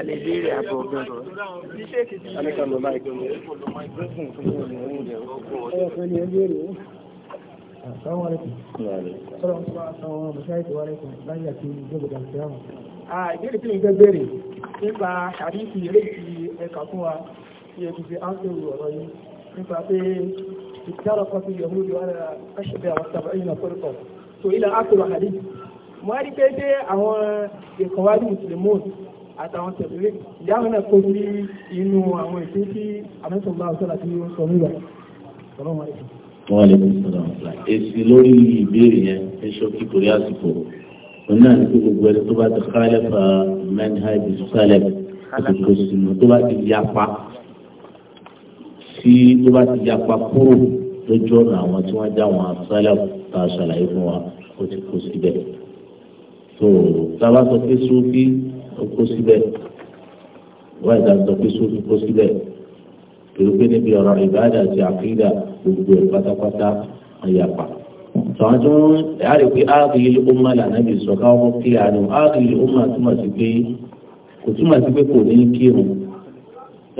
Àlè ìbéèrè àbọ̀ ọ̀gbọ̀n. Àlẹ́kà lọ máa gbọ́n. Ẹ̀yọ̀kan ni ẹ béèrè ó. Assalamu alaikum. Sọ́rọ̀ ń sọ àwọn mọ̀ṣáìtì wa lẹ́kùn láyé àti ìjọba ìjọba. Ìbéèrè tí mo fẹ́ béèrè nípa àdínkù ilé ti ẹ̀ka fún wa يجب أن ti fi áńkẹ̀rù ọ̀rọ̀ yìí nípa pé ìtàrọ̀ kan ti yọ̀hún ló wára aṣẹ́bẹ̀ àwọn sábà yìí náà fọ́rọ̀kọ̀ tó ilẹ̀ ákùrọ̀ àdé mo rí pé dé àwọn ìkọ̀wájú mùsùlùmí àtàwọn tẹ̀lé ìyá wọn náà kó sí inú àwọn ìṣe tí àmẹ́sọ̀gbà ọ̀sọ́là tí ó sọ nígbà ọ̀rọ̀ wọn rẹ̀. wọ́n lè fi sọ̀rọ̀ ọ̀la èsì lórí ìbéèrè yẹn ẹ ṣọ́kí torí àsìkò òun náà ní pé gbogbo tó bá ti kálẹ̀ fa manhaj sálẹ̀ àti kò sínú tó bá ti yapa tí ló bá ti yapa kúrò lójú ọ̀nà àwọn tí wọ́n já wọn asálẹ̀ tá a ṣàlàyé fún wa ó ti kó síbẹ̀. tó tábà sọ pé sófì ó kó síbẹ̀ wọ́n ìdá sọ pé sófì kó síbẹ̀ torí pé níbi ọ̀rọ̀ ìbáàdà àti àkídà gbogbo ẹ̀ pátápátá wọ́n yapa. tọ́wọ́n tó ń yára pé áàkì ilé ọmọ làǹdàbí sọ káwọn kí àná áàkì ilé ọmọ túmọ̀ sí pé kò túmọ̀ sí pé kò ní kírun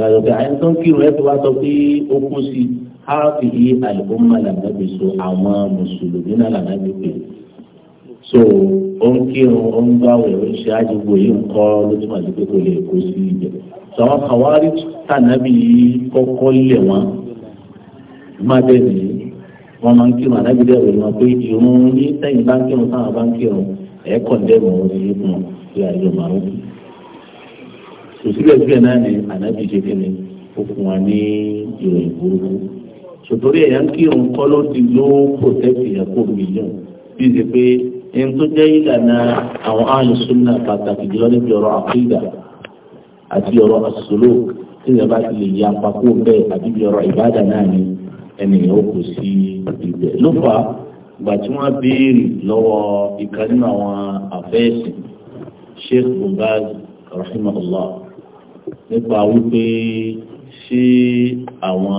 yàtọ̀ pé àyẹ̀tọ́ kí rẹ̀ tó wá sọ pé ó kú sí háàfì yìí àlùkòmọ́ làbẹ́bí so àwọn mùsùlùmí náà làbẹ́bí pè so ó ń kírun ó ń gbáwẹ̀ ó ń ṣe àjẹgbò yìí ń kọ́ ló túmọ̀ sí pé kò lè kó sí ibẹ̀ sọ wọn kàwárí tànàbí kọ́kọ́ lẹ̀ wọn má bẹ́ẹ̀ ni wọ́n máa ń kírun ànábì dẹ̀ wẹ̀ wọn pé ìrún ní sẹ́yìn bá ń kírun táwọn bá ń kírun ẹ̀ kọ̀ ń dẹ̀ mọ̀ ọ́ sí ìfún ọ sòsíbẹ̀síbẹ̀ náà ni ànábì ṣe kí ni ó fún wa ní ìròyìn burúkú sòtórí ẹ̀yà kí òun kọ́ ló ti ló protect yẹn kó mílíọ̀n bí ṣe pé ẹni tó jẹ́ ìlànà àwọn àlùsùnà pàtàkì jùlọ níbi ọ̀rọ̀ àkídà àti ọ̀rọ̀ àsòlò tí ìjọba ti lè ya papò bẹ́ẹ̀ àti ibi ọ̀rọ̀ ìbádà náà ni ẹnìyàn ó kò sí ibẹ̀ ló fà á gbà tí wọ́n béèrè lọ́wọ́ ìkànnì àwọn àfẹ́sìn Sheikh Bumbaz rahimahullah nípa wípé ṣé àwọn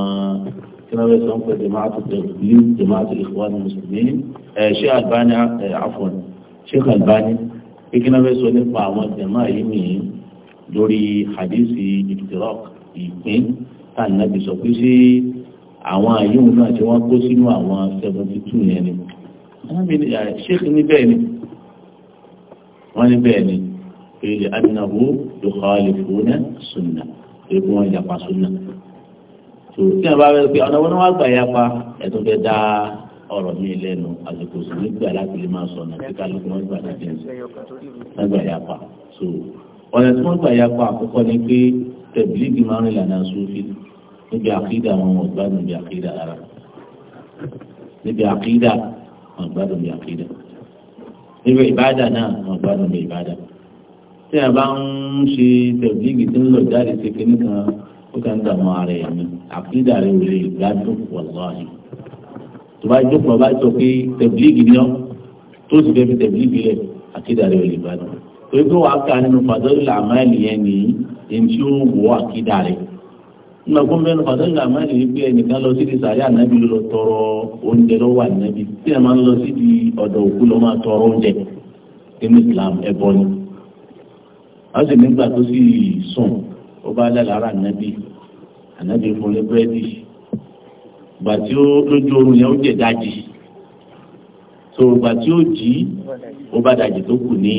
kí wọ́n fẹ́ sọ ń pẹ́ jamaatu tẹ̀lé jamaatu ikhwan muslimin ẹ̀ ṣé albani afọ̀n ṣé albani pé kí wọ́n fẹ́ sọ nípa àwọn jama yìí nìyí lórí hadisi ìdìrọ́k ìpín tá a nàbì sọ pé ṣé àwọn àyẹ̀wò náà tí wọ́n kó sínú àwọn seventy two yẹn ni. ṣé kí ni bẹ́ẹ̀ ni wọ́n ní bẹ́ẹ̀ ni èyí lè adìnàwó yòókà lè fún ẹ sunna èyí wọn yapa sunna tó tí a bá wẹ pé ọ̀nà wọn wá gbà yapa ẹ̀tọ́ fẹ́ dá ọ̀rọ̀ mi lẹ́nu àsìkò sí nígbà láti lè máa sọ̀nà tí kálukú wọn gbà láti ń sọ wọn gbà yapa so ọ̀nà tí wọ́n gbà yapa àkọ́kọ́ ni pé tẹ̀bílíìgì máa ń rìn lànà sófin níbi àkídà wọn wọn gbádùn níbi àkídà rárá níbi àkídà wọn gbádùn níbi àkídà níbi ìbádà náà wọn gbádùn níbi ìbádà tí a bá ń ṣe tẹ̀blígì tí ń lọ jáde ṣe kí nìkan ó kàn ń dààmú ara ẹ̀ ni àkídà rẹ̀ ò lè gbádùn wàláhì. tó bá jókòó bá sọ pé tẹ̀blígì ni ọ́ tó sì fẹ́ fi tẹ̀blígì lẹ̀ àkídà rẹ̀ ò lè gbádùn. pé kó wàá kà nínú fàdọ́lì àmáìlì yẹn ni èyí tí ó wọ àkídà rẹ̀. nígbà tó ń bẹ́ẹ̀ ní yìí pé ẹnìkan lọ sí ìsàlẹ̀ ànábì lọ wọ́n sì nígbà tó sì sùn ó bá lálàárà ànábì ànábì fún ní búrẹ́dì gbà tí ó lójú oorun yẹn ó jẹ dájì tó gbà tí ó jí ó bá dájì tó kù ní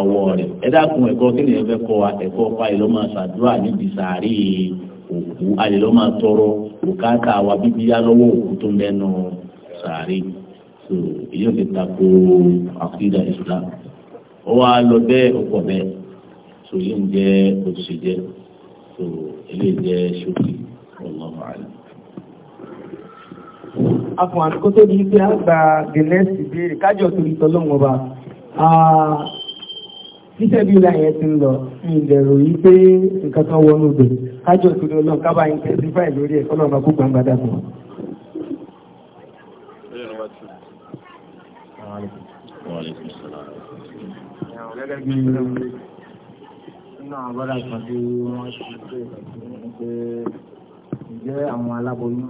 ọwọ́ rẹ̀ ẹ dákun ẹ̀kọ́ kí ni ẹ fẹ́ kọ́ ẹ̀kọ́ ọ̀pá ìlọ́ máa ṣàdúrà níbi sàárì òkú àlèlọ́ máa tọrọ bùkátà wa bíbí yá lọ́wọ́ òkú tó mẹ́nu sàárì tó èyí ò ti tako àkídà Islam ó wá lọ bẹ́ẹ̀ ọ̀pọ̀ bẹ́ẹ̀. so yìí ń jẹ́ oṣù so eléyìí jẹ́ ṣókì ọlọ́run àlè. afọ àti kótó di pé a gba gẹ̀lẹ́sì béèrè kájọ torí tọ́lọ́wọ́n ọba títẹ́ bí ìlànà ti ń lọ ní ìlẹ̀rọ pé nǹkan kan wọnú ibẹ̀ kájọ torí kábà ń lórí nínú àwọn bọ́dà kan tí wọ́n ṣe pé ǹjẹ́ àwọn aláboyún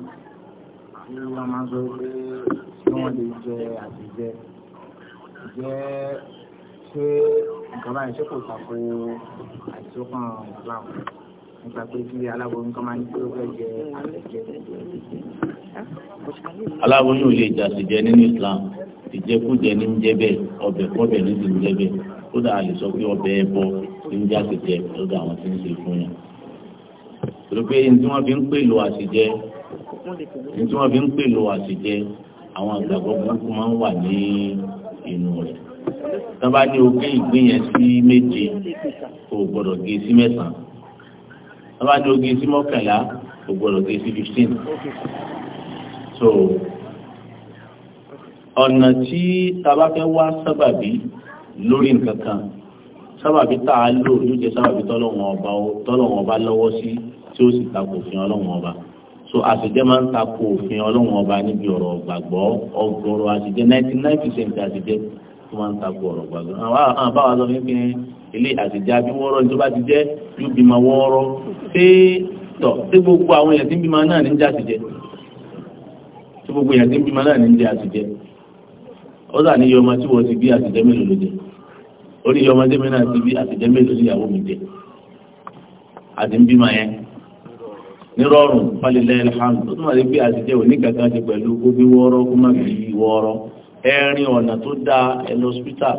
tí wọ́n máa ń sọ pé tí wọ́n lè jẹ àtijẹ ǹjẹ́ ṣé nǹkan báyìí ṣé kò tako àìsókàn Islam nípa pé kí aláboyún kan máa ń pé ó fẹ́ jẹ àtijẹ. aláboyún ò lè jẹ àtijẹ nínú Islam ìjẹkújẹ ní ń jẹ bẹ́ẹ̀ ọbẹ̀ kọ́bẹ̀ ní ti ń jẹ bẹ́ẹ̀ kódà a lè sọ pé ọbẹ̀ ẹ bọ́ ń jẹ́ àṣejẹ lọ́dọ̀ àwọn tí ń ṣe fún yàn. torí pé ní tí wọ́n fi ń pè lò àṣejẹ ní tí wọ́n fi ń pè lò àṣejẹ àwọn àgbàgbọ́ burúkú máa ń wà ní inú rẹ̀. tí ní ogé ìgbín yẹn sí méje kò gbọ́dọ̀ gé sí mẹ́sàn-án. tí ní ogé sí mọ́kànlá kò gbọ́dọ̀ gé sí fifteen. so ọ̀nà tí tabafẹ́ wá sábàbí lórí nǹkan kan sábàbí tá a lò yóò jẹ́ sábàbí tọ́lọ́wọ́n ọba tọ́lọ́wọ́n ọba lọ́wọ́ sí tí ó sì takò òfin ọlọ́wọ́n ọba so àtijọ́ máa ń takò òfin ọlọ́wọ́n ọba níbi ọ̀rọ̀ gbàgbọ́ ọgọ́rọ̀ àtijọ́ ninety nine percent àtijọ́ tó máa ń takò ọ̀rọ̀ gbàgbọ́ àwọn báwa sọ fún mi ilé àtijọ́ àbí wọ́ọ́rọ́ tó bá ti jẹ́ yóò bímọ wọ́ọ́rọ́ ṣé tọ̀ ṣé gbogbo àwọn èèyàn tí ń bímọ náà ní ń jẹ́ àtijọ́ ṣé gbogbo èèyàn tí ń bímọ náà ní ń jẹ́ àtijọ́ ó dà níyọ ọmọ tí wọ́n ti bí àtijọ́ mélòó ló jẹ́ orí ọmọdé mi náà ti bí àtijọ́ mélòó níyàwó mi jẹ àti ń bímọ yẹn nírọ̀rùn falẹ̀lẹ̀ alhamdu tó túnmọ̀ sí pé àtijọ́ òní kankan ti pẹ̀lú gómi wọ́ọ́rọ́ kó má fi yí wọ́ọ́rọ́ ẹ̀rin ọ̀nà tó dáa ẹ̀lọ́ hospital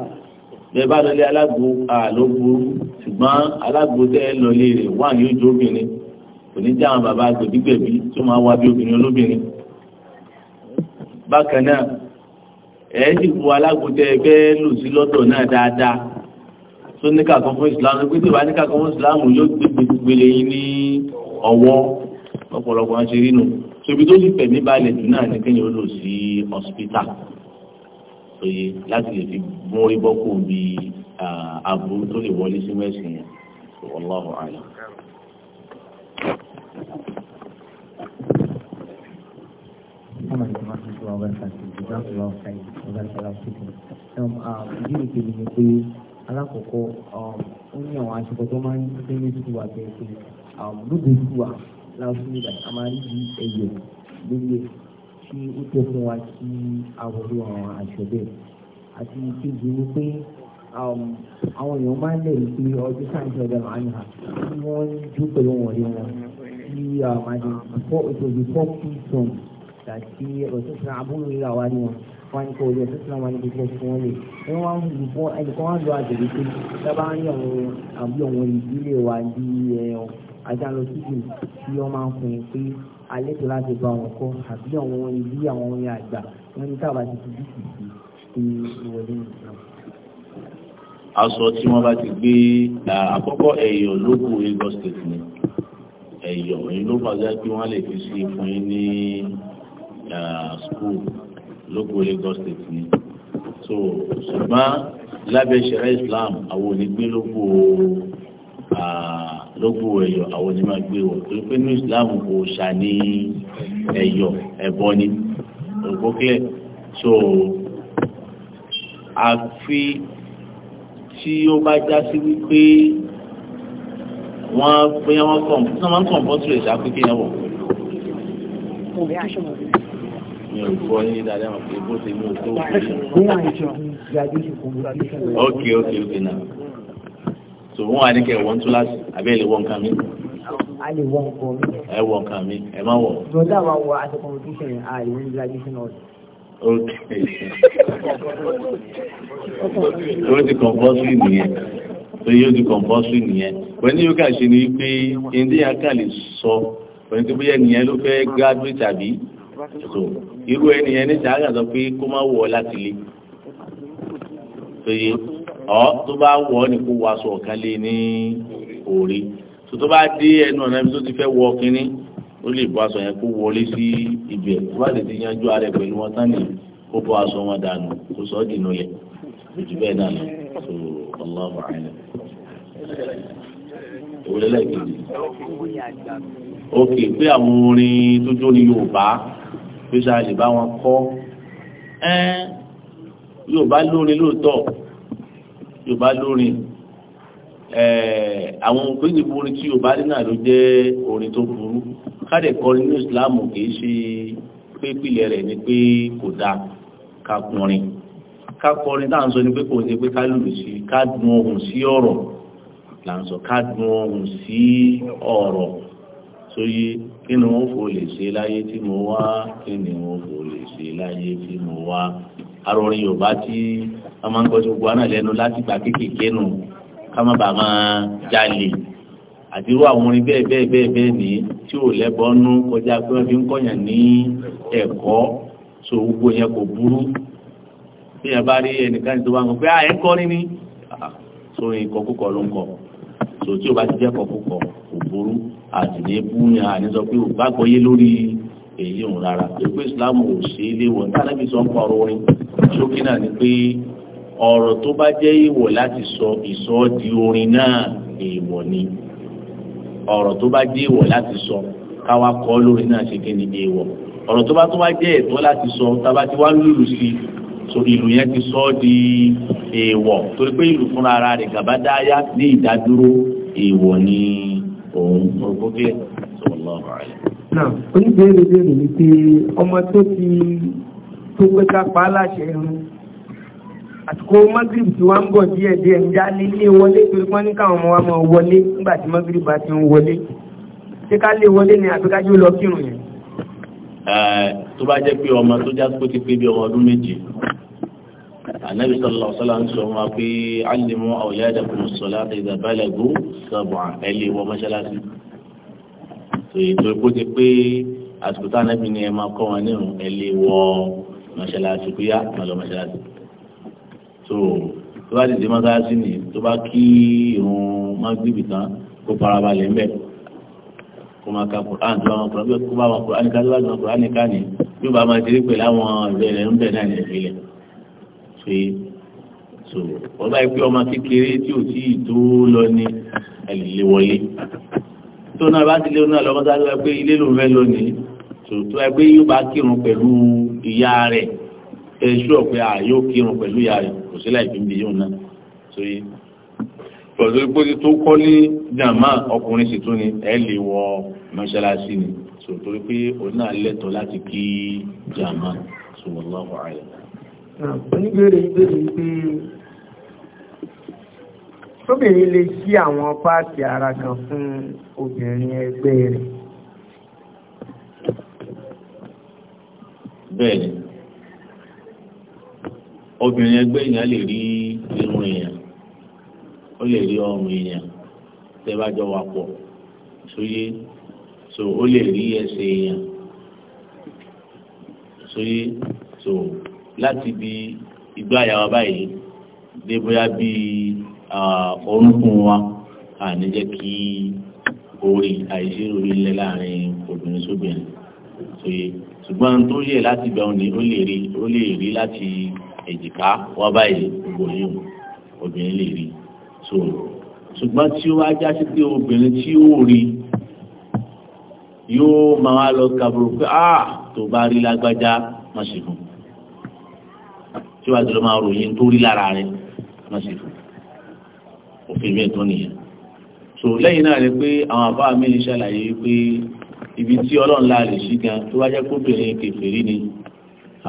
bẹ́ẹ̀ bá lọlé alágbo àlọ́ burú ṣùgbọ́n alágbo tẹ́ lọlé rẹ̀ wà ní ojú obìnrin òní jẹ́ àwọn bàbá gbèdígbèbí tó máa wá bí obìnrin olóbìnrin bákan náà ẹ̀ẹ́dìbò alágbo tẹ́ bẹ́ẹ̀ lò sí lọ́dọ̀ náà dáadáa tó ní kàkan fún ìsìláàmù pé tí ìwà ní kàkan fún ìsìláàmù yóò gbé gbèlè yín ní ọwọ́ lọ́pọ̀lọpọ̀ wọn ṣe rí nù ṣòbí tó sì fẹ̀mí balẹ̀ jù náà ní kéèyàn lò sí hospital òye láti lè fi mórí bọ́kù bí aburú tó lè wọlé sí mẹ́sìn yẹn wallahu a'lam. Um, uh, alákòókò um, ó ní àwọn aṣọ tó máa ń gbé ní sùkúù àti ẹ̀sìn lóde sùkúù wa láwùjọ nígbà a máa ń di ẹ̀yẹ lóye tí ó tó fún wa kí àwòrán àwọn aṣọ bẹ́ẹ̀ àti ìkejì ni pé um, àwọn èèyàn máa ń lẹ̀rí pé ọdún sáǹtì ọ̀dà máa ń hà tí wọ́n ń jó pẹ̀lú wọn rí wọn tí àmàdé um, before it was before pre-song àti òṣìṣẹ́ àbúrò ìlà wa ni wọn wọn ni kò lè òṣìṣẹ́ wọn ni kò tẹ̀sí wọn lè ẹni wọn ń fi fún ẹnìkan wọn lọ àgbèrè pé sábà ń yọ̀ wọn àbí ọ̀wọ́n ìdílé wa di ẹ̀yàn ajálọ síbi tí wọ́n máa ń fún yín pé alẹ́ tó láti bá wọn kọ́ àbí àwọn ibi àwọn orin àgbà wọn ní tábà ti fi bíkì sí ìwọlé nìkan. aṣọ tí wọ́n bá ti gbé àkọ́kọ́ ẹ̀yọ̀ ló kù state ni ẹ̀yọ̀ èyí ló kí wọ́n lè fi sí fún yín ní Uh, school lóko Lagos state ni so ṣùgbọ́n lábẹ́ ìṣẹ̀rẹ́ Islam àwọn onígbé lóko uh, lóko ẹ̀yọ̀ àwọn onímọ̀ gbé wọ̀ torí pé ní Islam kò ṣà ní ẹ̀yọ̀ ẹ̀bọ ni òkókílẹ̀ so àfi tí ó bá já sí wípé wọ́n bóyá wọ́n kàn wọ́n kàn bọ́tù rẹ̀ ṣáà pé kéèyàn wọ̀ mi ò gbọ́ yín dáadáa wọn pé bó ṣe mú o tó kù. ok ok ok na so wọn wà ní kẹ wọn tún láti abẹ́ ilé wọn kan mi. a lè wọ nǹkan mi. ẹ wọ nǹkan mi ẹ má wọ. lọ́dà wa wọ àti competition yẹn a lè ní graduation hall. ok o ti compulsory nìyẹn o yóò ti compulsory nìyẹn wọ́n ní yóò kà ṣe ni pé indian kà lè sọ wọ́n ti bóyá nìyẹn ló fẹ́ graduate àbí so irú ẹnìyẹn ní sàárà sọ pé kó má wọ̀ láti lé péye ọ tó bá wọ̀ ọ́ ní kó wọ aṣọ ọ̀kan lé ní òòrè tó tó bá dé ẹnu ọ̀nà ibi tó ti fẹ́ wọ kínní ó lè bọ́ aṣọ yẹn kó wọlé sí ibẹ̀ tó bá lè ti yanjú ara ẹ̀ pẹ̀lú wọn tán ní kó bọ́ aṣọ wọn dànù kó sọ ọ́ dì nulẹ̀ ojú bẹ́ẹ̀ náà lọ so Allahu a'lam. òwúrẹ́lẹ̀ kejì. ó kì í pé àwọn orin tó jó ní Yorùbá pé sáà lè bá wọn kọ́ ẹ́n yóò bá lórin lóòótọ́ yóò bá lórin àwọn òpínlẹ̀ orin tí yóò bá rí náà ló jẹ́ orin tó burú káde kọrin ní Islam kì í ṣe pé pìlẹ̀ rẹ̀ ni pé kò dáa ká kọrin ká kọrin tá à ń sọ ni pé kò ní pé ká lùlù sí ká dun ohùn sí ọ̀rọ̀ là ń sọ ká dun ohùn sí ọ̀rọ̀ sóyè. So, kí ni wọ́n fò lè ṣe láyé tí mo wá kí ni wọ́n fò lè ṣe láyé tí mo wá arorin yorùbá tí a máa ń gbọ́ tó gbọ́nà lẹ́nu láti gbà kéékèèké nù ká má bàa máa jalè àti irú àwọn orin bẹ́ẹ̀ bẹ́ẹ̀ bẹ́ẹ̀ bẹ́ẹ̀ ní tí ò lẹ́bọ̀ọ́nú kọjá pé wọ́n fi ń kọ̀yàn ní ẹ̀kọ́ so gbogbo yẹn kò burú bí yẹn bá rí ẹnìkan tó bá ń kọ pé à kọ́ ní ní so ìkọ̀kúkọ̀ ló ń kọ so tí o bá ti jẹ́ kọ̀kúkọ̀ kò burú àtìlẹ́bù ni àní sọ pé òbá gbọ́yé lórí èyí òun rárá pé islam ò ṣe é léwọ̀ nígbàdàbí sọ ń pa ọ̀rọ̀ orin ṣókí náà ni pé ọ̀rọ̀ tó bá jẹ́ ìwọ̀ láti sọ ìsọ di orin náà èèwọ̀ ni ọ̀rọ̀ tó bá jẹ́ ìwọ̀ láti sọ káwa kọ́ lórí náà ṣe kí ni èèwọ̀ ọ̀rọ̀ tó bá tó bá jẹ́ ẹ̀tọ́ láti sọ tába tí wá lùlù sí so ìlú yẹn ti sọ di èèwọ̀ torí pé ìlú fúnra ara rẹ̀ gàbádáyá ní ìdádúró èèwọ̀ ni òun orúkọ bí sallallahu alaihi. náà oníbèrè bèrè ni pé ọmọ tó ti tó pé ká pa á láṣẹ irun magrib tí wọ́n ń bọ̀ díẹ̀ díẹ̀ ń já nílé wọlé torí wọ́n ní káwọn ọmọ wa máa wọlé nígbà tí magrib bá ti ń wọlé ṣé ká lè wọlé ni àbí ká yóò lọ kírun yẹn. tó bá jẹ́ pé ọmọ tó já pé ti pé bí ọmọ ọdún méje anabi sallallahu alaihi wasallam sọ ma pé alimu awladakum as-salata idha balagu sab'a ẹlẹ wọ mọ́ṣáláṣí tòyí tó kó ti pé àsìkò tá anabi ni ẹ máa kọ́ wọn nínú ẹlẹ wọ mọ́ṣáláṣí kó yá má lọ mọ́ṣáláṣí tó tó bá dìde mọ́ṣáláṣí ni tó bá kí irun mágbìbì tán kó farabalẹ̀ ń bẹ̀ kó máa ka Qur'an tó bá wọn Qur'an kó bá wọn Qur'an ká tó bá wọn Qur'an ká ní yóò bá máa ti rí pẹ̀lú àwọn ìbẹ̀rẹ̀ ń bẹ̀ náà ní ìfilẹ̀ ṣe so wọ́n bá pé ọmọ kékeré tí ò tíì tó lọ ní ẹ̀lẹ́lẹ́ wọlé tó náà bá ti lé náà lọ́mọ sáré wá pé ilé lòún fẹ́ lónìí tòótọ́ ẹ pé yóò bá kírun pẹ̀lú ìyá rẹ̀ ẹ ṣú ọ̀pẹ́ à yóò kírun pẹ̀lú ìyá rẹ̀ kò sí láì fi ń bi yóò náà so yìí pẹ̀lú pé tó kọ́ ní jàmá ọkùnrin sì tún ni ẹ lè wọ mọ́ṣáláṣí ni so torí pé òun náà lẹ́tọ̀ọ́ láti kí jàmá sọ̀rọ̀ lọ́wọ́ àyà oníbẹ̀rẹ̀ ìbẹ̀rẹ̀ pé tóbìnrin lè ṣí àwọn páàtì ara kan fún obìnrin ẹgbẹ́ rẹ̀ bẹ́ẹ̀ni obìnrin ẹgbẹ́ èèyàn lè rí irun èèyàn ó lè rí ọrùn èèyàn tẹ́ bá jọ wà pọ̀ sóyè so ó lè rí ẹsẹ̀ èèyàn sóyè so. so láti bi igbá àyàwó báyìí dé bóyá bí orúnkún wa àní jẹ́ kí orí àìsí orí lẹ láàrin obìnrin sóbìnrin ṣe ṣùgbọ́n tó yẹ láti gbà ọ́ ni ó lè rí ó lè rí láti èjìká wá báyìí gbogbo yìí obìnrin lè rí so ṣùgbọ́n tí ó wá já sí pé obìnrin tí ó rí yóò máa lọ kàbúrò pé ah tó bá rí lágbájá má ṣe fún síwájú ló máa ròyìn tó rí lára rẹ̀ wọ́n sì fún òfin bẹ́ẹ̀ tó nìyẹn. so lẹ́yìn náà rẹ̀ pé àwọn àbá mi ń ṣàlàyé pé ibi tí ọlọ́run la lè ṣí gan tó bá jẹ́ kóbìnrin kèfèrí ni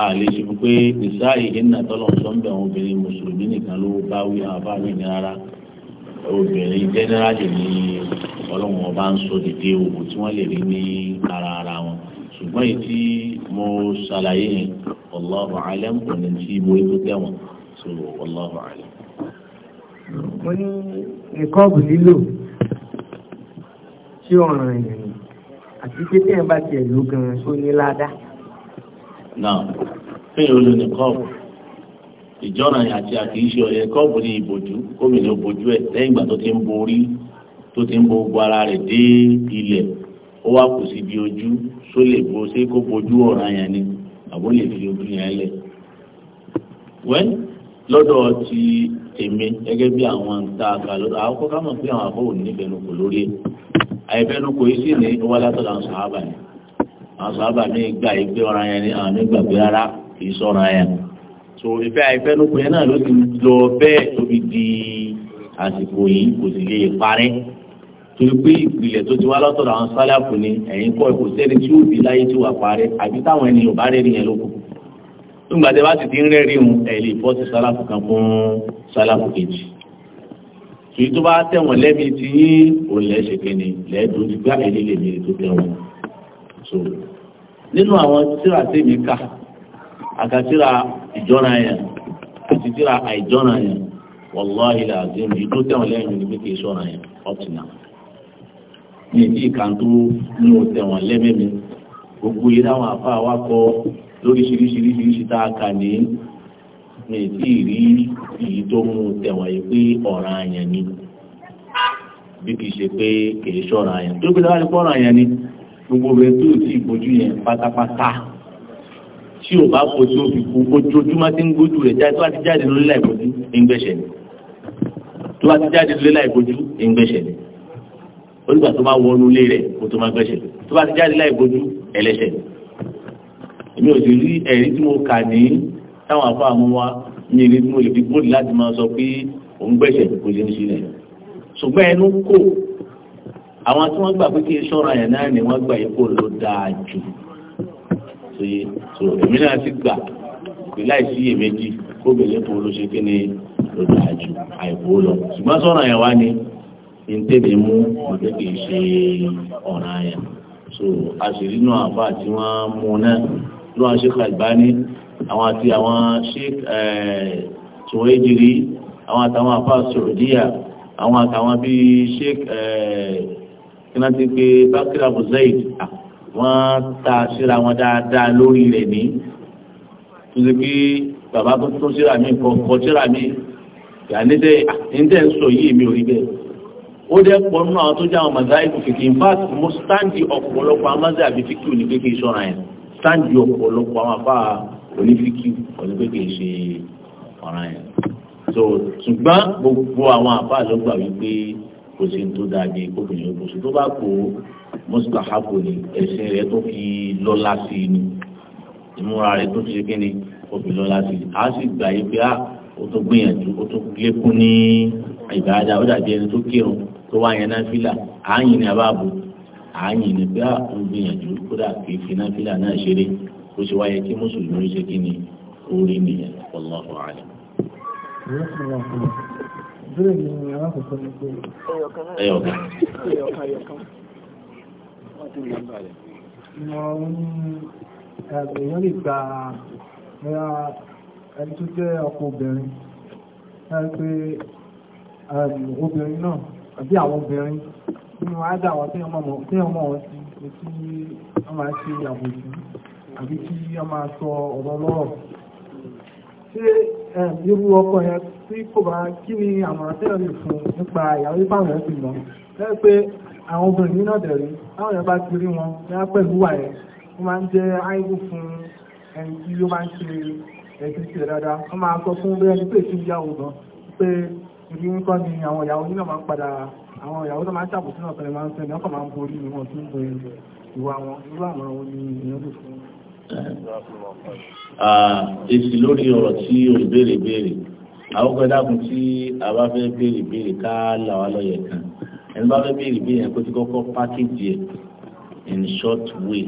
a lè ṣe fún pé nìṣá ìhìnà tọ́lọ̀ sọ́ńbẹ̀ àwọn obìnrin mùsùlùmí nìkan ló bá wí àwọn àbá mi ní rárá obìnrin jẹ́nẹ́rálì ní ọlọ́run ọba ń sọ dìde òwò tí wọ́n lè rí ní ara ara wọn ṣùgbọ́n èyí tí mo ṣàlàyé yẹn wallahu alam kò ní tí mo ètò tẹ̀wọ̀n so wallahu alam. mo ní nìkọ́ọ̀bù lílò tí ọ̀ràn èèyàn ni àti pé téèyàn bá tiẹ̀ lò gan-an tó ní ládá. náà fẹ́ẹ̀rẹ̀ olú nìkọ́ọ̀bù ìjọ́ra àti àkìíṣe ọ̀yẹ́ kọ́ọ̀bù ní ìbòjú gómìnà ìbòjú ẹ̀ lẹ́yìn ìgbà tó ti ń borí tó ti ń bo gbogbo ara rẹ̀ dé ilẹ̀ ó wá kù síbi ojú tó lè bó ṣe kó bojú ọ̀ràn yẹn ni àbó lè fi ojú yẹn lẹ̀. wẹ́n lọ́dọ̀ ti èmi gẹ́gẹ́ bí àwọn ta àgbà lọ́dọ̀ àwọn kọ́ká pé àwọn àbọ̀ òní ìfẹnukò lórí ẹ̀ àìfẹnukò yìí sì ní wọ́n látọ̀ làwọn sàábà ni àwọn sàábà mi gbà yìí pé ọ̀ràn yẹn ni àwọn mi gbà pé rárá kì í sọ̀ràn yẹn so ìfẹ́ àìfẹnukò yẹn náà ló ti lọ bẹ́ẹ̀ tóbi di àsìkò yìí kò sì lè parẹ́ torí pé ìpìlẹ̀ tó ti wá lọ́tọ̀dọ̀ àwọn sálàfù ni ẹ̀yin kọ́ kò sẹ́ni tí ó bí láyé tí wà parẹ́ àbí táwọn ẹni ò bá rẹ́ni yẹn lóko nígbà tí a bá sì ti ń rẹ́rìn un ẹ̀ lè fọ́ sí sálàfù kan fún sálàfù kejì torí tó bá tẹ̀wọ̀n lẹ́bi tí òun lẹ́ ṣe kéne lẹ́ẹ̀dùn ti gbá ẹ̀lẹ́ lè mèrè tó tẹ̀wọ̀n so nínú àwọn tíra tèmi kà àkàtíra ìjọ́ra yẹn àti tíra àìjọ́ra yẹn wàlláhi làzim ìdó tẹ̀wọ̀n lẹ́yìn ní pé kì ní ìdí ìkàntó nínú tẹ̀wọ̀n lẹ́mẹ̀mí gbogbo yìí láwọn àfa wa kọ lóríṣiríṣiríṣiríṣi tá a kà ní ní ìdí ìrí èyí tó mú tẹ̀wọ̀n yìí pé ọ̀ràn àyàn ni bí kì í ṣe pé kì í ṣọ̀ràn àyàn tó gbé dáwà ní pọ̀ràn àyàn ni gbogbo rẹ̀ tó ti ìbojú yẹn pátápátá tí o bá kó tí o fi kú ojoojúmọ́ tí ń gbójú rẹ̀ jáde tó bá ti jáde lórí láìbojú ń gbẹ̀ṣẹ̀ ni tó bá ti jáde lórí láìbojú ń gbẹ̀ṣẹ̀ ni onígbà tó bá wọnú ilé rẹ̀ kó tó máa gbẹ̀ṣẹ̀ tó bá ti jáde láì bójú ẹlẹ́ṣẹ̀ èmi ò sì rí ẹ̀rí tí mo kà ní táwọn afọ àmú wa ní ìrí tí mo lè fi bóòlù láti máa sọ pé òun gbẹ̀ṣẹ̀ kò lè ń sílẹ̀ ṣùgbọ́n ẹnu kò àwọn tí wọ́n gbà pé kí ṣọ́ra yẹn náà ni wọ́n gbà ipò ló dáa jù ṣe èmi náà ti gbà pé láìsí iyèméjì kó bẹ̀rẹ̀ fún olóṣèké ni ló dáa jù àìkú lọ ṣùgbọ́n ṣọ́ra yẹn wá ni ìtẹ́bí mú ọ̀dẹ́ kì í ṣe ọ̀ràn àyà so àṣírí náà àbá tí wọ́n mú náà ló wá Sheikh Albani àwọn àti àwọn Sheikh eh, Suwaijiri àwọn àtàwọn àbá Saudiya àwọn àtàwọn bíi Sheikh eh, kínáti pé Bakir Abu Zaid ah, wọ́n ta síra wọn dáadáa lórí rẹ̀ ní tuntun pé bàbá tó síra mi kọ síra mi yà ní ní sẹ́ ah, ń sọ yìí mi ò rí bẹ́ẹ̀ ó dẹ́ pọ̀ nínú àwọn tó jẹ́ àwọn mazaibu fìkì in fact mo sáǹdì ọ̀pọ̀lọpọ̀ amáza àbí fìkì ò ní pé kí n ṣọ́ra yẹn sáǹdì ọ̀pọ̀lọpọ̀ àwọn afá onífìkì ò ní pé kí n ṣe ọ̀ràn yẹn. so ṣùgbọ́n gbogbo àwọn afá ló gbà wípé kò sí tó dáa bí obìnrin ó bùsùn tó bá kó mustahabu ni ẹ̀sìn rẹ̀ tó fi lọ́lá sí i ni ìmúra rẹ̀ tó ti ṣe kí ni ó fi lọ́lá sí i á sì gbà yí pé ah, ó tó gbìyànjú ó tó lékún ní ìgbà ajá ó dàbí ẹni tó kírun tó wá yẹn náà fílà àáyìn ni abáàbò àáyìn ni bí a ń gbìyànjú kódà kì í fi náà fílà náà ṣeré ó ṣe wáyé kí mùsùlùmí ṣe kí ni orí nìyẹn wallahu alim. ẹyọkan èèyàn lè gba ẹ̀yà ẹni tó jẹ́ ọkọ obìnrin láti pé obìnrin náà àbí àwọn obìnrin nínú àádá tí ọmọ wọn tí ọmọ tí wọ́n máa ṣe àbòjú àbí kí wọ́n máa sọ ọ̀rọ̀ lọ́rọ̀ ṣé irú ọkọ yẹn tí kò bá kí ni àmọ̀ràn tẹ́lẹ̀ lè fún nípa ìyàwó ipá ẹ̀sìn lọ lẹ́yìn pé àwọn obìnrin náà dẹ̀rí láwọn yẹn bá ti rí wọn lẹ́yìn pẹ̀lú wà yẹn wọ́n máa ń jẹ́ áìgùn fún ẹni tí ó máa ń ṣe ẹ̀sìn torí wípọ́ ni àwọn ìyàwó nílò máa ń padà àwọn ìyàwó tó máa ń ṣàbòsí náà tẹ̀lé máa ń sẹ́ni ọkọ̀ máa ń borí ni wọ́n tún borí ìwà wọn irú àwọn ohun ni èèyàn lè fún èsì lórí ọ̀rọ̀ tí olùbéèrè béèrè àwọn kan dákun tí a bá fẹ́ béèrè béèrè ká là wá lọ́yẹ̀ kan ẹni bá fẹ́ béèrè béèrè kó ti kọ́kọ́ pákéjì ẹ̀ in short way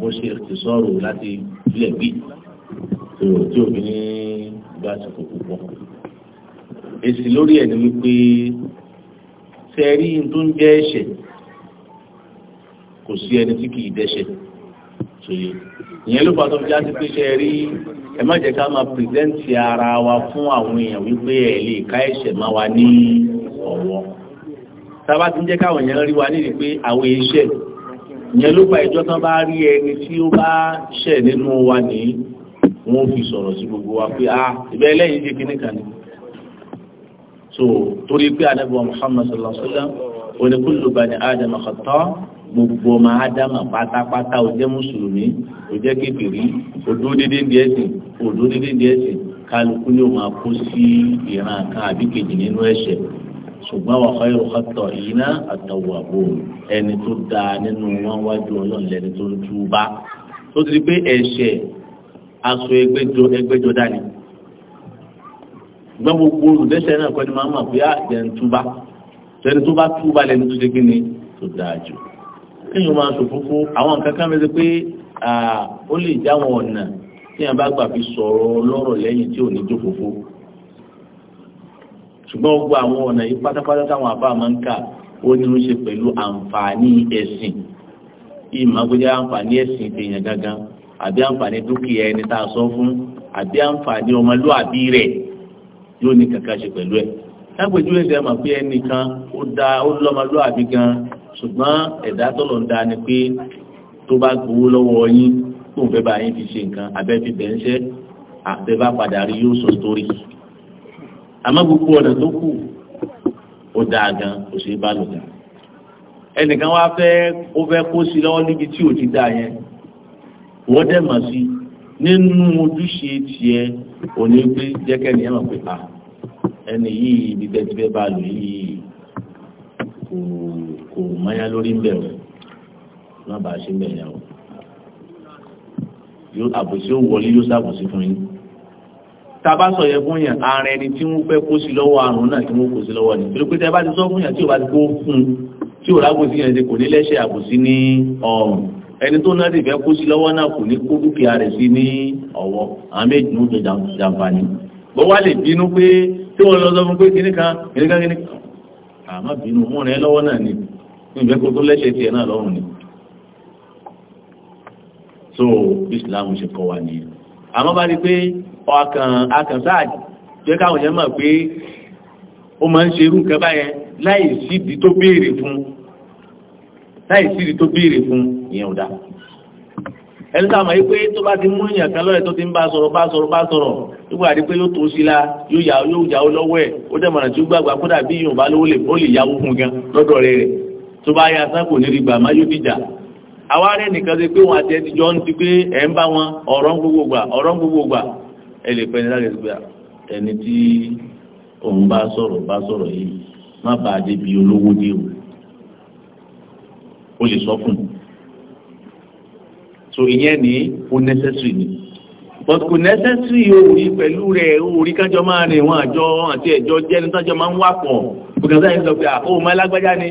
bó ṣe ti sọ̀rọ̀ láti ilẹ̀ gbé tí òbí ní gbá àsìkò púpọ̀ èsì lórí ẹ̀ ni wípé sẹ́rí tó ń jẹ́ ẹ̀ṣẹ̀ kò sí ẹni tí kìí dẹ́ṣẹ̀ sóye ìyẹn ló fà tó fi jáde pé sẹ́rí ẹ má jẹ́ ká máa pìrìsẹ́ǹtì ara wa fún àwọn èèyàn wípé ẹ̀ lè ká ẹ̀ṣẹ̀ má wa ní ọ̀wọ́ sábà ti ń jẹ́ káwọn èèyàn rí wa níbi pé àwọn iṣẹ́ ìyẹn ló fà ìjọ tán bá rí ẹni tí ó bá ṣẹ̀ nínú wa nìyí wọ́n fi sọ̀rọ̀ sí gbogbo wa pé ah ìbẹ́ ẹlẹ́yìn ṣe kíní kan ni so torí pé ànábì wa Muhammad sallallahu alaihi wa sallam ó ní kullu bani Adam khata gbogbo ọmọ ádámà pátápátá ó jẹ́ mùsùlùmí ó jẹ́ kékeré ó dúró dédé ń díẹ̀ sìn ó dúró dédé ń díẹ̀ sìn kálukú ni ó máa kó sí ìran kan àbí kejì nínú ẹ̀ṣẹ̀ ṣùgbọ́n wa khayru khata'ina at-tawwabun ẹni tó dáa nínú wọn wájú ọlọ́run tó ń túbá tó ti di pé ẹ̀ṣẹ̀ aṣọ ẹgbẹ́jọ ẹgbẹ́jọ dání gbọ́n gbogbo olùdẹ́sẹ̀ náà kọ́ni máa ń mọ̀ pé àjẹ́ ah, ń túbá tẹni tó bá túbá lẹni tó ṣe kí ni tó dáa jù kéèyàn máa sọ fúnfún àwọn nǹkan kan mẹ́sẹ̀ pé ó lè já wọn ọ̀nà téèyàn bá gbà fi sọ̀rọ̀ lọ́rọ̀ lẹ́yìn tí ò ní jó fòfó ṣùgbọ́n gbogbo àwọn ọ̀nà yìí pátápátá táwọn àbá máa ń kà ó ní ń ṣe pẹ̀lú àǹfààní ẹ̀sìn ìmọ̀ àǹfààní ẹ̀sìn téèyàn gángan àbí àǹfààní dúkìá ẹni tá a sọ fún àbí àǹfààní ọmọlúwàbí rẹ̀ yóò ní kankan ṣe pẹ̀lú ẹ̀ lágbèjúwe ṣe mọ̀ pé ẹnìkan ó da ó lọ́mọlúwàbí gan ṣùgbọ́n ẹ̀dá tọ́lọ̀ ń da ni pé tó bá gbowó lọ́wọ́ yín kó n fẹ́ bá yín fi ṣe nǹkan abẹ́ fi bẹ̀ ń ṣẹ́ àbẹ́ bá padà rí yóò sọ sórí àmọ́ gbogbo ọ̀nà tó kù ó dáa gan kò ṣeé bá lò gan ẹnìkan wá fẹ́ ó fẹ́ kó sí lọ́wọ́ níbi tí ò ti dáa yẹn wọ́n dẹ̀ mọ̀ sí nínú ojúṣe tiẹ̀ òní pé jẹ́kẹ́ ni ẹ mọ̀ pé à ẹni yìí ibi tẹ́tí fẹ́ bá lò yìí kò kò mọ́yá lórí ń bẹ̀ rẹ̀ má bàa ṣe ń bẹ̀ yẹn o yóò àbòsí ó wọlé yóò ṣàbòsí fún yín tàbá sọ yẹ fún yàn ààrẹ ẹni tí wọ́n fẹ́ kó sí lọ́wọ́ àrùn náà tí wọ́n kó sí lọ́wọ́ ni torí pé tẹ́ bá ti sọ fún yàn tí ò bá ti kó fún un tí ò rágbòsí yẹn ti kò ní lẹ́sẹ̀ àbòsí ní ọrùn ẹni tó náà dìbẹ́ kó sí lọ́wọ́ náà kò ní kó dúkìá rẹ̀ sí ní ọ̀wọ́ àwọn méjì ló jẹ jàǹfààní bó wá lè bínú pé tí wọ́n lọ sọ fún pé kíní kan kíní kan kíní kan àmọ́ bínú mú rẹ lọ́wọ́ náà ni níbẹ̀ kó tó lẹ́sẹ̀ tiẹ̀ náà lọ́rùn ni. so Islam ṣe kọ́ wa nìyẹn àmọ́ bá rí pé ọkàn akàn sáàdì jẹ́ káwọn yẹn mọ̀ pé ó máa ń ṣe irú nǹkan báyẹn láì síbi tó béèrè fún un láì síri tó béèrè fún ìyẹn ò dá ẹni tá a mọ̀ yí pé tó bá ti mú èèyàn kan lọ́rẹ̀ tó ti ń bá sọ̀rọ̀ bá sọ̀rọ̀ bá sọ̀rọ̀ nígbà tí pé yóò tó sí la yóò yà yóò yà ó lọ́wọ́ ẹ̀ ó dẹ̀ mọ̀nà tí ó gbàgbà kódà bí yóò bá lówó lè ó lè yáwó fún gan lọ́dọ̀ rẹ̀ rẹ̀ tó bá yà sán kò ní rí má yóò dìjà àwa rẹ̀ nìkan ṣe pé wọn àti ẹ o lè sọ fún un so ìyẹn ní o necessary ni but kò necessary orí pẹ̀lú rẹ̀ orí kájọ máa rìn wọn àjọ àti ẹ̀jọ jẹ́ ní tájọ máa ń wà pọ̀ kòkàn sáyé sọ pé àkóò máa lágbájá ni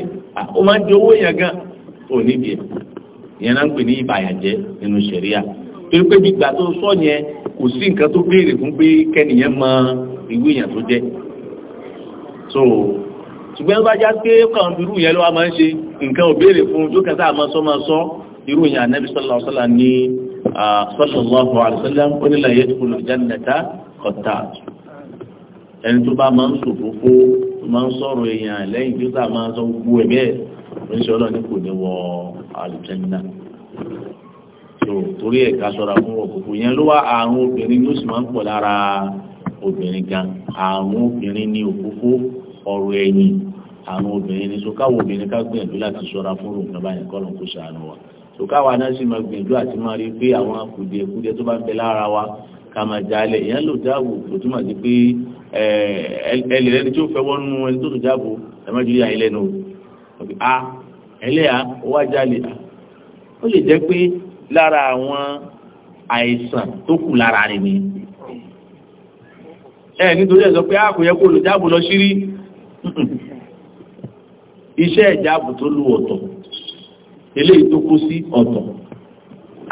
ó máa ń di owó yẹn gan o níbi ẹ̀ ìyẹn náà ń pè ní ìbàyànjẹ́ nínú ṣẹ̀ríà torí pé gbígbà tó sọ yẹn kò sí nǹkan tó béèrè fún pé kẹ́nìyàn mọ ìwé èèyàn tó jẹ́ so ṣùgbọ́n tó bá já pé kàn irú yẹn ló wá máa ń ṣe nǹkan ò béèrè fún ojú kẹta àmọ́ sọ máa sọ irú yẹn ànábi sallallahu alaihi wasallam ní sallallahu alaihi wasallam ó ní la yadkhulu al-jannata qattat ẹni tó bá máa ń sòfófó máa ọ̀rọ̀ ẹ̀yìn àwọn obìnrin ni sokáwọ obìnrin ká gbìyànjú láti ṣọ́ra fún òun náà báyìí kọlọn kó ṣàánú wa sokáwọ aná sì máa gbìyànjú àti máa rí pé àwọn kùdìẹ̀kudiẹ tó bá ń bẹ lára wa ká máa jalè ìyẹn lò dáàbò kò túmọ̀ sí pé ẹlẹ́ ẹni tí ó fẹ́ wọ́nú ẹni tó tó dáàbò ẹ má ju yà ilẹ̀ nù a ẹlẹ́yà ó wá jalè a ó lè jẹ́ pé lára àwọn àìsàn tó kù lára rẹ̀ ni ẹ nítorí ẹ sọ pé a kò yẹ kó olùdáàbò lọ sírí. iṣẹ́ ìjáàbù tó lu ọ̀tọ̀ eléyìí tó kú sí ọ̀tọ̀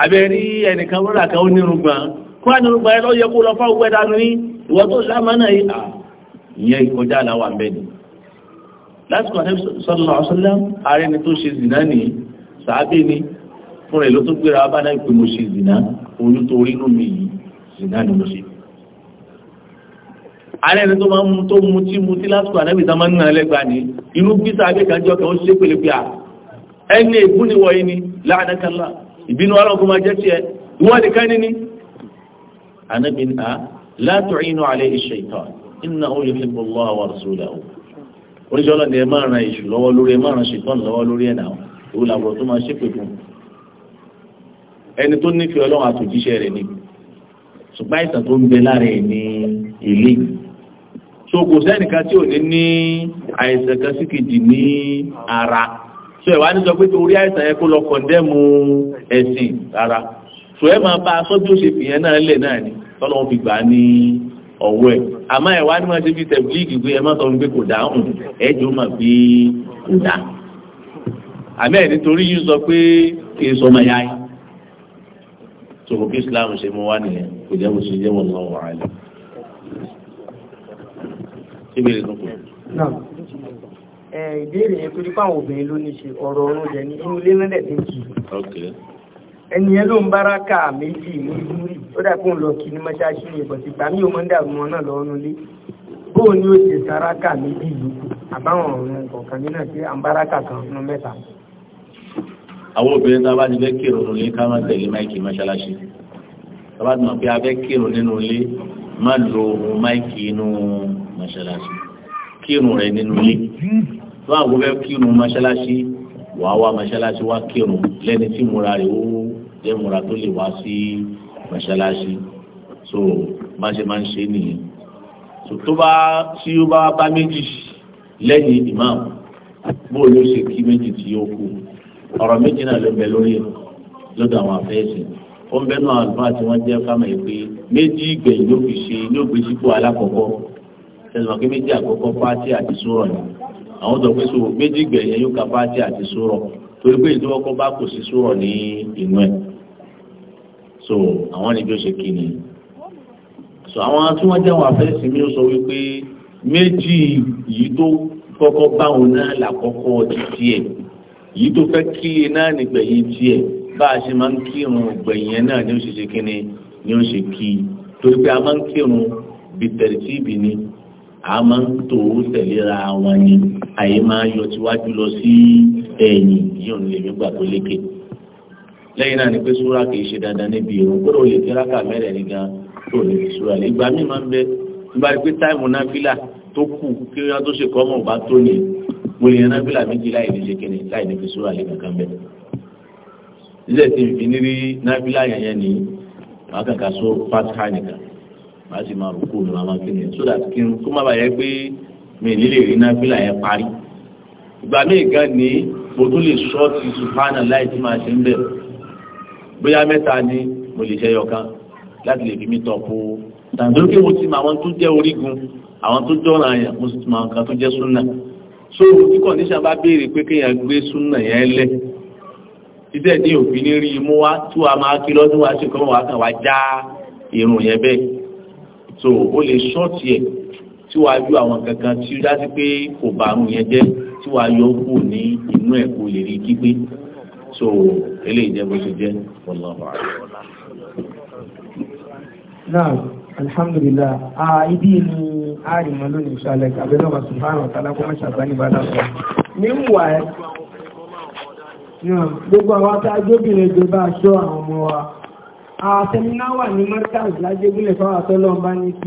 abẹ́rí ẹnìkan rọ́lá kan ó nírúgba kó ànírúgba ẹ lọ́yẹ kó lọ fáwọn ọgbẹ́ dànù ní ìwọ tó lámánà yìí à ìyẹn ìkọjá àláwà ń bẹ ni lásìkò àti sọlọ ọsọlá ààrẹ ni tó ṣe zìnà ní sàábì ni fúnra ìlú tó gbéra abáná ìpè mo ṣe zìnà olú tó nù mí yìí zìnà ni mo ṣe ààrẹ ẹni tó máa ń tó mutí mutí lásìkò ànábì tá máa ń nà lẹ́gbàá ni irú bísà abẹ́kànjọ́ kan ó ṣe pèlépè à ẹni ègún ni wọ̀nyí ni láàdákanlá ìbínú ọlọ́kùn máa jẹ́ tiẹ̀ ìwádìí kan níní. ànábì ní a látọ̀ inú alẹ́ iṣẹ́ ìtọ́ iná olè fi bọ́ lọ́wọ́ àwọn àrùsọ̀lá o oríṣi ọlọ́ni ẹ máa ran èṣù ni ṣùgbọ́n àìsàn tó ń bẹ láàrin ní ilé yìí so kò sẹ́nìkan tí ò ní ní àìsàn kan sí kejì ní ara so ẹ̀wá ní sọ pé torí àìsàn yẹn kó lọ kọ̀ndẹ́mù ẹ̀sìn rárá so ẹ máa bá aṣọ bí ó ṣe fìyẹn náà lẹ̀ náà ni tọ́lọ́ wọn fi gbà á ní ọ̀wọ́ ẹ̀ àmọ́ ẹ̀wá ní wọ́n ṣe fi tẹ̀blíìgì pé ẹ má sọ pé kò dáhùn ẹ̀jọ̀ mà pé kò dá àmì ẹ̀ nítorí yìí sọ pé kì í sọ ọmọ so kò kí Islam ṣe mú wá nìyẹn kò jẹ́ bó ṣe jẹ́ wọn lọ́wọ́ àlẹ́ ìbéèrè tó kù. ìbéèrè yẹn torí fáwọn obìnrin ló ní ṣe ọ̀rọ̀ ọ̀run jẹ ní inú ilé náà dẹ̀ kì í. ẹni yẹn ló ń bára ká méjì ní ìdúrí ó dà kó ń lọ kí ní mọ́ṣáláṣí yẹn bọ̀ sí gbàmí òun dàrú wọn náà lọ́rùn lé bóun ni ó ṣe sára ká méjì yòókù àbáwọn ọ̀run kọ̀ọ̀kan nínú ṣe àǹbára ká kan nínú mẹ́ta. àwọn obìnrin tá a bá ti fẹ́ kírun ní ká má tẹ̀lé máìkì mọ́ṣáláṣí tá a bá ti mọ̀ pé a fẹ́ kírun nínú ilé má lo máìkì inú mọ́ṣáláṣí kírun rẹ̀ nínú ilé tó àwọn fẹ́ kírun mọ́ṣáláṣí wàá wá mọ́ṣáláṣí wá kírun lẹ́ni tí múra rẹ̀ ó jẹ́ múra tó lè wá sí mọ́ṣáláṣí so bá ṣe máa ń ṣe nìyẹn tó bá tí ó bá bá méjì lẹ́yìn imam bó ló ṣe kí méjì tí ó kú ọ̀rọ̀ méjì náà ló bẹ lórí lọ́dọ̀ àwọn afẹ́sìn ó ń bẹ́nu àlùfáà tí wọ́n jẹ́ fáwọn ẹ̀ méjì gbẹ̀yìn ló fi ṣe ló gbé alákọ̀ọ́kọ́ ẹ̀sùn kí méjì àkọ́kọ́ fáti àti sùrọ̀ ni àwọn sọ pé sùrọ̀ méjì gbẹ̀yẹ yóò ka fáti àti sùrọ̀ torí pé ìdí kọ́ bá kò sí sùrọ̀ ní inú ẹ̀ so àwọn níbi ó ṣe kí ni so àwọn tí wọ́n jẹ́ àwọn afẹ́sí mi ó sọ wípé méjì yìí tó kọ́kọ́ báwọn náà làkọ́kọ́ ti tiẹ̀ yìí tó fẹ́ kí náà nígbẹ̀yìn tiẹ̀ bá a ṣe máa ń kírun gbẹ̀yìn náà ni ó ṣe ṣe kí ni ni ó ṣe kí torí pé a máa ń kírun bìtẹ̀rìtìbì ni a ma ń tò ó tẹ̀léra wọn ni àyè máa yọ tíwájú lọ sí ẹ̀yìn yóò lè mí gbà tó lékè lẹ́yìn náà ni pé súra kì ṣe dandan níbi ìrun gbọ́dọ̀ lè tẹ́lá kà mẹ́rẹ̀ ní gan tó lè súra lè ìgbà míì máa ń bẹ nígbà yan náfìlà méjì láì ní ṣe kíni láì ní fi súra bẹ. náfìlà yẹn yẹn só màá sì máa rúkú ní màmá kí so that kí n kó má bàa yẹ pé mi nílè rí náfìlà yẹn parí ìgbà míì gan ni mo tún lè sọ ti subhana láì tí màá ṣe ń bẹ̀ bóyá mẹ́ta ni mo lè ṣe yọkan láti lè fi mí tọ̀ po tàbí kí mo ti mọ àwọn tó jẹ́ orígun àwọn tó jọ́ ọ̀ràn yẹn mo sì ti mọ àwọn tó jẹ́ súnà so tí kọ̀ǹdíṣàn bá béèrè pé kéèyàn gbé súnà yẹn lẹ̀ títẹ̀ ní òfin ní rí imú wa tú wa máa kí wa ṣe kọ́ wa kàn wá já irun yẹn bẹ́ẹ̀ so o lè ṣọ́ọ̀tì ẹ̀ tí wàá yọ àwọn kankan tí ó dájú pé kò bá àrùn yẹn jẹ́ tí wàá yọ kù ní inú ẹ̀ kò lè rí kígbé so eléyìí jẹ́ bó ṣe jẹ́ ọlọ́run àríwọ̀lá. náà alhamdulillah a ibi ni àrìmọ́ lónìí ìṣàlẹ̀ abẹ́lẹ́ ọba subhanahu wa ta'ala kó má ṣàbáyé bá dàpọ̀. níwà ẹ gbogbo àwọn tá a jókèrè jọba aṣọ àwọn ọmọ wa àtẹniláwà ní mọ́tàlì lájẹ́gúnlẹ̀ fáwà tọ́lọ́